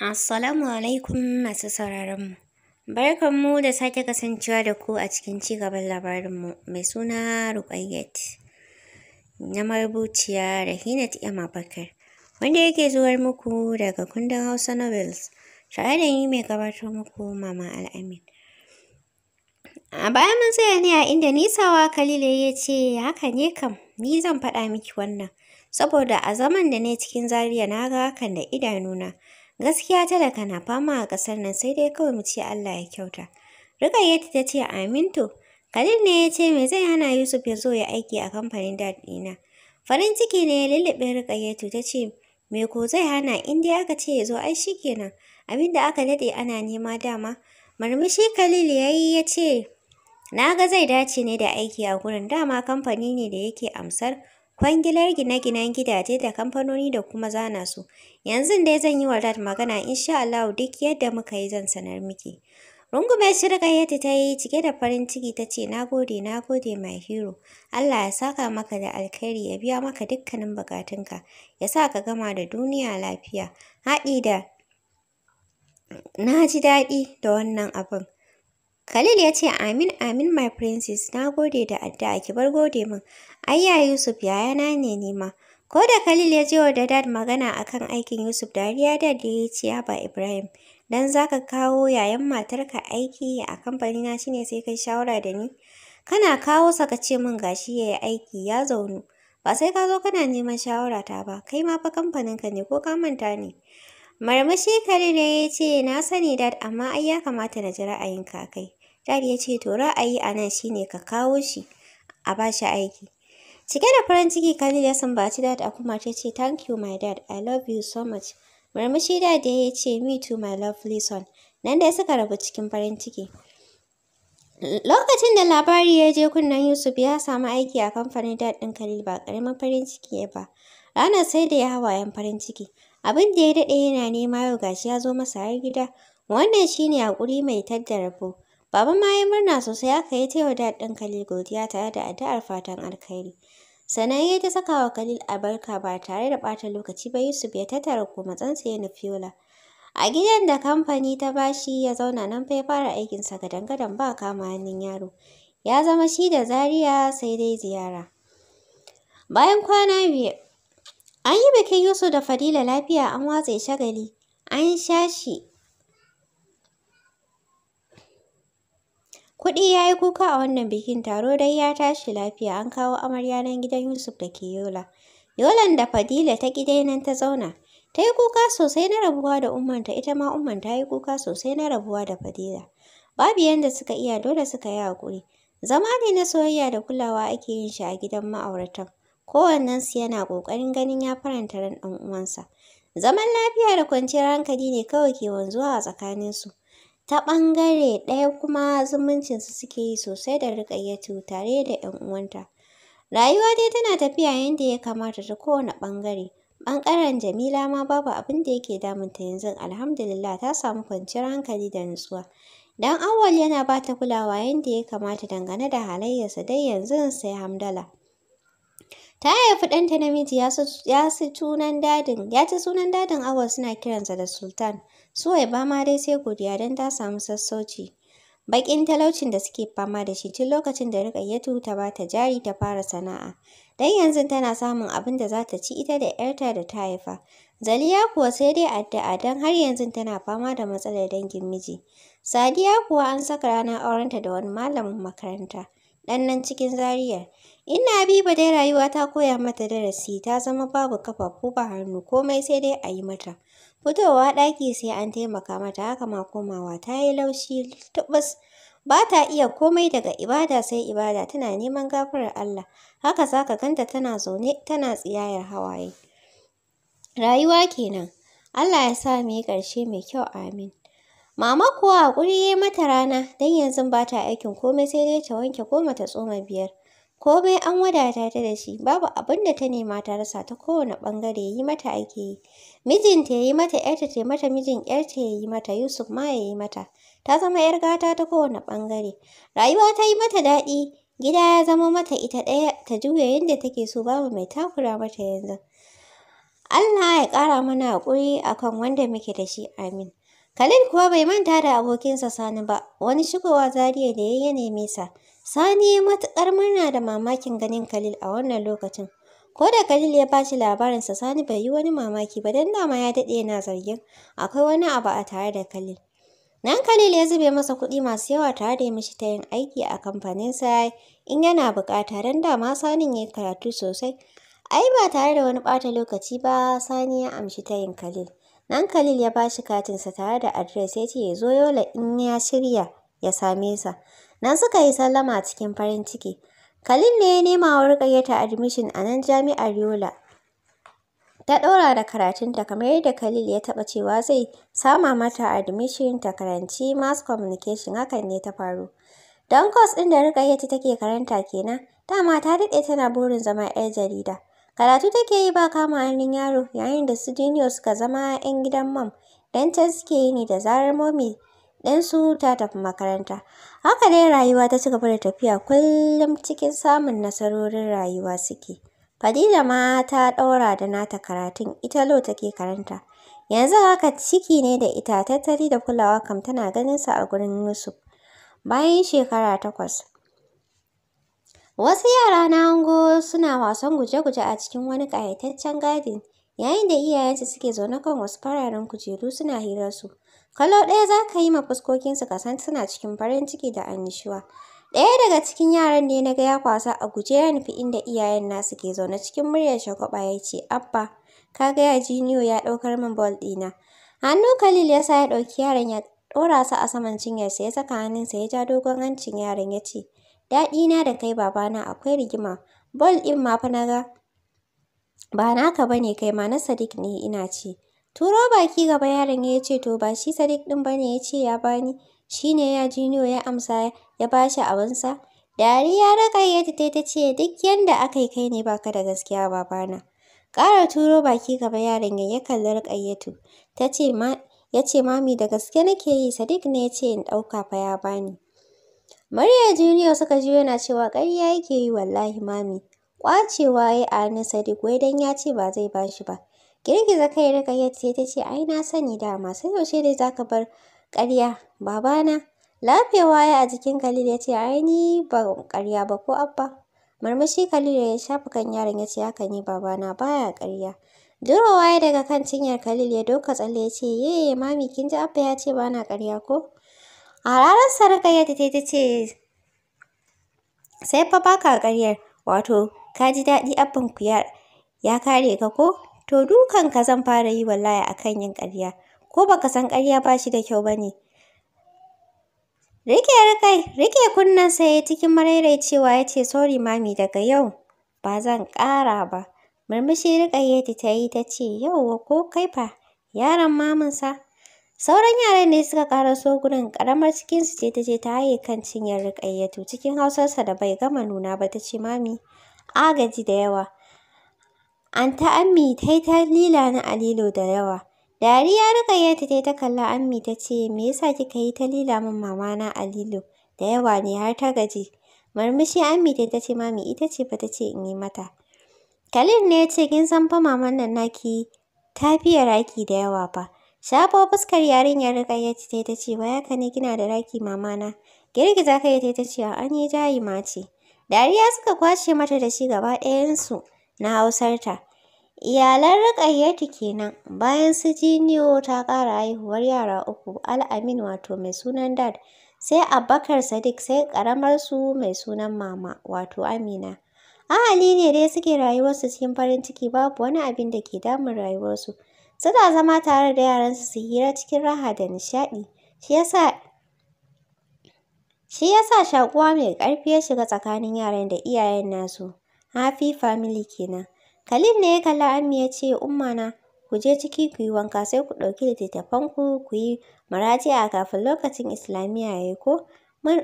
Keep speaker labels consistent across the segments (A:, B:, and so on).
A: Assalamu alaikum masu sauraronmu. Barkanmu da sake kasancewa da ku a cikin ci cigaban labarinmu mai suna Rukayyat Na marubuciya Rahinat Emma Bakar, wanda yake zuwar muku daga kundin Hausa Novels, tare da yi mai gabatar muku Mama Al'amin. A baya mun tsaya ne a inda nisawa Khalil ya ce haka ne kam, ni zan faɗa miki wannan, saboda a zaman da ne cikin Zaria na ga hakan da idanuna. Gaskiya talaka na fama a ƙasar nan sai dai kawai mu ce Allah ya kyauta. Rukayyatu ta ce aminto Khalil ne ya ce me zai hana Yusuf ya zo ya aiki a kamfanin dad ɗina. Farin ciki ne ya lullube Rukayyatu ta ce me ko zai hana in dai aka ce ya zo ai shikenan. Abin da aka daɗe ana nema dama. Murmushi Khalil ya yi ya ce na ga zai dace ne da aiki a gurin dama kamfani ne da yake amsar kwangilar gine-ginen gidaje da kamfanoni da kuma zana su. Yanzu dai zan yi wa Rad magana insha Allah duk yadda muka yi zan sanar miki. Rungume yadda ta yi cike da farin ciki ta ce, Na gode, na gode, my hero. Allah ya saka maka da alkhairi, ya biya maka dukkanin bukatunka, ya sa ka gama da duniya lafiya. Haɗi da, na ji daɗi da wannan abin. Khalil ya ce amin amin my princess na gode da addu'a ki bar gode min. Ayya Yusuf yayana ne nima. Ko da Khalil ya je wa da dad magana akan aikin Yusuf dariya da ya yi ciya ba Ibrahim. Dan za ka kawo yayan matarka aiki a kamfanina shine sai kai shawara da ni. Kana kawo sa ka ce min gashi ya aiki ya zaunu. Ba sai ka zo kana neman shawara ta ba, kai ma fa kamfaninka ne ko ka manta ne. Marmashi Khalil ya ce na sani dad amma ai ya kamata na ji ra'ayinka kai. dad ya ce to ra'ayi a nan shine ka kawo shi a ba shi aiki. Cike da farin ciki Khalil ya sambaci dad a kuma ta ce thank you my dad I love you so much. Murmushi dad ya ce me too my lovely son. Nan da suka rabu cikin farin ciki. Lokacin da labari ya je kunnen Yusuf ya samu aiki a kamfanin dad ɗin Khalil ba ƙaramin farin ciki ya ba. Ranar sai da ya 'yan farin ciki. Abin da ya daɗe yana nema yau gashi ya zo masa har gida. Wannan shine haƙuri mai tadda rabo. Baba ma ya murna sosai aka yi ta dad ɗin Khalil godiya tare da addu'ar fatan alkhairi. Sannan ya ta saka wa Khalil albarka ba tare da ɓata lokaci ba Yusuf ya tattara komatsansa ya nufi wula. A gidan da kamfani ta bashi ya zauna nan fa ya fara aikinsa gadan-gadan ba kama hannun yaro. Ya zama shi da Zaria sai dai ziyara. Bayan kwana biyar, an yi bikin Yusuf da Fadila lafiya an watse shagali, an sha shi Kuɗi ya yi kuka a wannan bikin taro dai ya tashi lafiya an kawo amarya nan gidan Yusuf da ke Yola. Yolan da Fadila ta gidai nan ta zauna. Ta yi kuka sosai na rabuwa da ummanta ita ma umman ta yi kuka sosai na rabuwa da Fadila. Babu yanda suka iya dole suka yi haƙuri. Zama ne na soyayya da kulawa ake yin shi a gidan ma'auratan. su yana ƙoƙarin ganin ya faranta ran ɗan uwansa. Zaman lafiya da kwanciyar hankali ne kawai ke wanzuwa a tsakaninsu. Ta ɓangare ɗaya kuma zumuncinsu suke yi sosai da Ruƙayyatu tare da 'yan uwanta. Rayuwa dai tana tafiya yadda ya kamata ta kowane ɓangare. Ɓangaren Jamila ma babu abin da yake damunta yanzu alhamdulillah ta samu kwanciyar hankali da nutsuwa. Dan Auwal yana ba ta kulawa yadda ya kamata dangane da halayyarsa dai yanzu sai hamdala. Ta haifi ɗanta namiji ya ci sunan dadin, ya ci sunan dadin awa suna kiransa da Sultan. Suwaiba ma dai sai godiya don ta samu sassauci. Baƙin talaucin da suke fama da shi tun lokacin da Ruƙayyatu ta ba ta jari ta fara sana'a. Dan yanzu tana samun abin da za ta ci ita da 'yarta da ta haifa. Zaliya kuwa sai dai addu'a don har yanzu tana fama da matsalar dangin miji. Sadiya kuwa an saka ranar aurenta da wani malamin makaranta. Ɗan nan cikin Zariya. na Habiba dai rayuwa ta koya mata darasi ta zama babu kafafu ba hannu komai sai dai a yi mata. Fitowa ɗaki sai an taimaka mata haka ma komawa ta yi laushi tubus. Ba ta iya komai daga ibada sai ibada tana neman gafarar Allah. Haka za ka ganta tana zaune tana tsiyayar hawaye. Rayuwa kenan. Allah ya sa mu yi ƙarshe mai kyau amin. Mama kuwa haƙuri ya mata rana don yanzu ba ta aikin komai sai dai ta wanke goma ta tsoma biyar. Komai an wadata ta da shi, babu abin da ta nema ta rasa ta kowane ɓangare yi mata ake yi. Mijinta ya yi mata, ‘yarta ta yi mata, mijin ‘yarta ya yi mata, Yusuf ma ya yi mata. Ta zama ‘yar gata ta kowane ɓangare. Rayuwa ta yi mata daɗi, gida ya zama mata ita ɗaya, ta juya yadda take so babu mai takura mata yanzu. Allah ya ƙara mana haƙuri akan wanda muke da shi, amin. Khalid kuwa bai manta da abokinsa Sani ba, wani shigowa Zariya da ya yi neme sa. Sani ya matuƙar murna da mamakin ganin Khalil a wannan lokacin. Ko da Khalil ya bashi labarinsa Sani bai yi wani mamaki ba don dama ya daɗe yana zargin akwai wani abu a tare da Khalil. Nan Khalil ya zube masa kuɗi masu yawa tare da mishi ta yin aiki a kamfaninsa in yana buƙata don dama Sanin ya yi karatu sosai. Ai ba tare da wani ɓata lokaci ba Sani ya amshi ta yin Khalil. Nan Khalil ya bashi katinsa tare da adres ya ce ya zo Yola in ya shirya ya same sa. Nan suka yi sallama cikin farin ciki. Kalin ne ya nema wa Rukayyata admission a nan jami'ar Yola. Ta ɗora da karatunta kamar yadda Khalil ya taɓa cewa zai sama mata admission ta karanci mass communication hakan ne ta faru. Don kwas ɗin da Rukayyata take karanta kenan, dama ta daɗe tana burin zama 'yar jarida. Karatu take yi ba kama hannun yaro yayin da su Junior suka zama 'yan gidan mam. Don can suke yi ni da zarar momi ɗansu ta tafi makaranta. Haka dai rayuwa ta cigaba da tafiya kullum cikin samun nasarorin rayuwa suke. Fadila ma ta ɗaura da nata karatun ita lo take karanta. Yanzu haka ciki ne da ita tattali da kulawa kam tana ganinsa a gurin Yusuf. Bayan shekara takwas. Wasu yara na hango suna wasan guje-guje a cikin wani ƙayataccen gadin, yayin da iyayensu suke zaune kan wasu fararen kujeru suna hirarsu. kalo ɗaya za ka yi ma fuskokinsu ka san suna cikin farin ciki da annishuwa. Ɗaya daga cikin yaran ne na ga ya kwasa a guje ya nufi inda iyayen nasu ke zaune cikin muryar shagwaɓa ya ce, Abba, ka ga ya niyo ya ɗaukar min bol ɗina. Hannu Khalil ya sa ya ɗauki yaran ya ɗora su a saman cinyarsa ya saka hannunsa ya ja dogon hancin yaran ya ce, Daɗina da kai babana akwai rigima, bol ɗin ma fa na ga ba naka bane kai ma na Sadiq ne ina ce. Turo baki gaba yaron ya ce to ba shi Sadiq ɗin bane ya ce ya bani. shine ne ya jiniyo ya amsa ya ba shi ya raka Rakayyatu ta ta ce duk yanda aka kai ne baka da gaskiya babana. Ƙara turo baki gaba yaron ya kalli Rakayyatu. Ta ce ma ya ce mami da gaske nake yi sadik ne ya ce in ɗauka fa ya bani. Maria Junior suka ji yana cewa ƙarya yake yi wallahi mami. Ƙwacewa ya yi a na Sadiq wai dan ya ce ba zai bashi ba. Girgiza kai Rukayya ce ta ce ai na sani dama sai yaushe dai za ka bar karya? babana. lafiya waya a jikin Khalil ya ce ai ni ba ƙarya ba ko abba. Marmashi Khalil ya shafa kan yaron ya ce haka ne babana baya karya!' Durowa waya daga kan cinyar Khalil ya doka tsalle ya ce ye mami kin ji abba ya ce bana ƙarya ko? A ranar Rukayya ta ta ce sai fa baka karyar. wato ka ji daɗi abin ku ya kare ka ko? To dukan ka zan fara yi wallahi akan yin ƙarya. Ko baka san ƙarya ba shi da kyau bane. Rike rikai, rike kunnen sai cikin maraicewa ya ce sorry mami daga yau ba zan ƙara ba. Murmushi riƙayyeti ta yi ta ce yauwa ko kai fa yaron maminsa. Sauran yaran ne suka so gurin ƙaramar cikinsu ce ta je ta haye kan cinyar to cikin hausarsa da bai gama nuna ba ta ce mami agaji da yawa. ta Ammi ta yi ta lila na alilo da yawa. Dariya Rukayyatu ta yi ta kalla Ammi ta ce, me yasa kika yi ta lila min mamana na alilo? da yawa ne har ta gaji? Murmushi Ammi ta ce, mami ita ce fa ta ce in yi mata. Khalil ne ya ce, kin san fa maman nan naki ta fiye raki da yawa fa. Shafo fuskar yarinyar ya ta yi ta ce, wa haka ne kina da raki mama na Girgiza kai ta yi ta ce, an yi jayi ma ce. Dariya suka kwashe mata da shi gaba ɗayansu na hausarta. Iyalan Ruƙayyatu kenan bayan su Jiniyo ta ƙara haihuwar yara uku, al'amin wato mai sunan Dad, sai Abakar Sadiq sai su mai sunan Mama wato Amina. Ahali ne dai suke rayuwarsu cikin farin ciki babu wani abin da ke damun rayuwarsu. Suna zama tare da yaran su hira cikin raha da nishaɗi. Shi yasa Shi ya sa shaƙuwa mai ƙarfi ya shiga tsakanin yaran da iyayen nasu. Happy family kenan. Khalil ne ya kalli Ammi ya ce, Umma na, ku je ciki ku yi wanka sai ku ɗauki littattafan ku yi a kafin lokacin Islamiyya ya yi ko?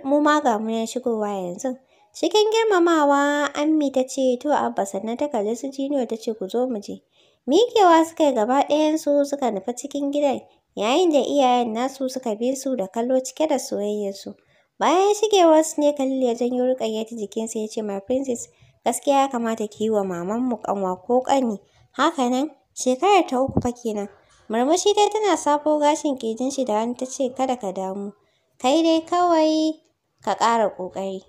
A: Mu ma ga mu shigowa yanzu. Cikin girmamawa, Ammi ta ce, To, Abba, sannan ta kalli su Jiniyo ta ce, Ku zo mu je. Miƙewa suka yi gaba ɗayansu suka nufi cikin gidan, yayin da iyayen nasu suka bi su da kallo cike da soyayyarsu. Bayan shigewarsu ne Khalil ya janyo Rukayya ta jikinsa ya ce, My princess, gaskiya ya kamata ki yi wa mamanmu ƙanwa ko ƙani. Haka nan, shekarar ta uku fa kenan. Murmushi dai tana safo gashin ƙirjin shi da hannu ta ce kada ka damu. Kai dai kawai ka ƙara ƙoƙari.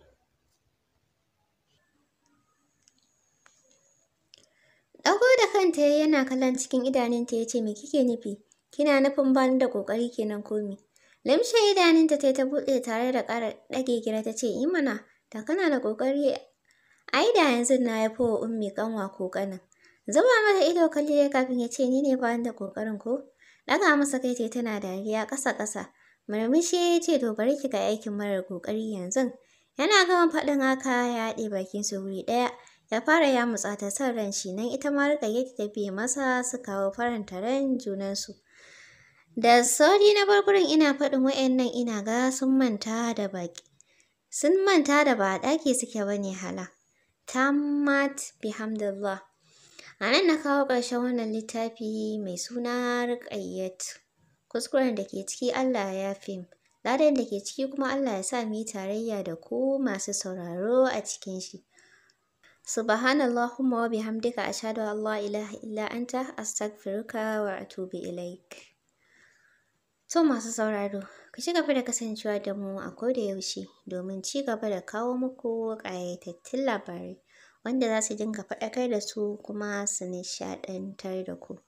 A: Ɗago da kanta ya yana kallon cikin idanunta ya ce me kike nufi? Kina nufin bani da ƙoƙari kenan ko me? Limshe idanunta ta ta buɗe tare da ƙara ɗage gira ta ce i mana da kana da ƙoƙari Ai da yanzu na haifo wa ummi kanwa ko kanin. Zuba mata ido kalli kafin ya ce ni ne ba da kokarin ko? Daga masa kai tai tana dariya ƙasa ƙasa. Murmushi ya ce to bari ki ga aikin marar kokari yanzu. Yana gama faɗin haka ya haɗe bakin su wuri ɗaya. Ya fara ya mutsa ta son ran shi nan ita ma rika yake tafi masa su kawo faranta ran junansu. Da sauri na bar ina faɗin wa'annan ina ga sun manta da baki. Sun manta da ba a ɗaki suke bane hala. tammat bihamdillah. A nan na kawo ƙarshen wannan littafi mai suna ƙayyat Kuskuren da ke ciki Allah ya fi. Ladan da ke ciki kuma Allah ya sa mu tarayya da ku masu sauraro a cikin shi. Subhanallahumma wa bihamdika a an la ilaha illa anta astaghfiruka wa atubu ilaik. To masu sauraro, ku ci gaba da kasancewa da mu a da yaushe domin ci gaba da kawo muku ƙayatattun labarai wanda za su dinga faɗakar da su kuma su nishaɗantar da ku.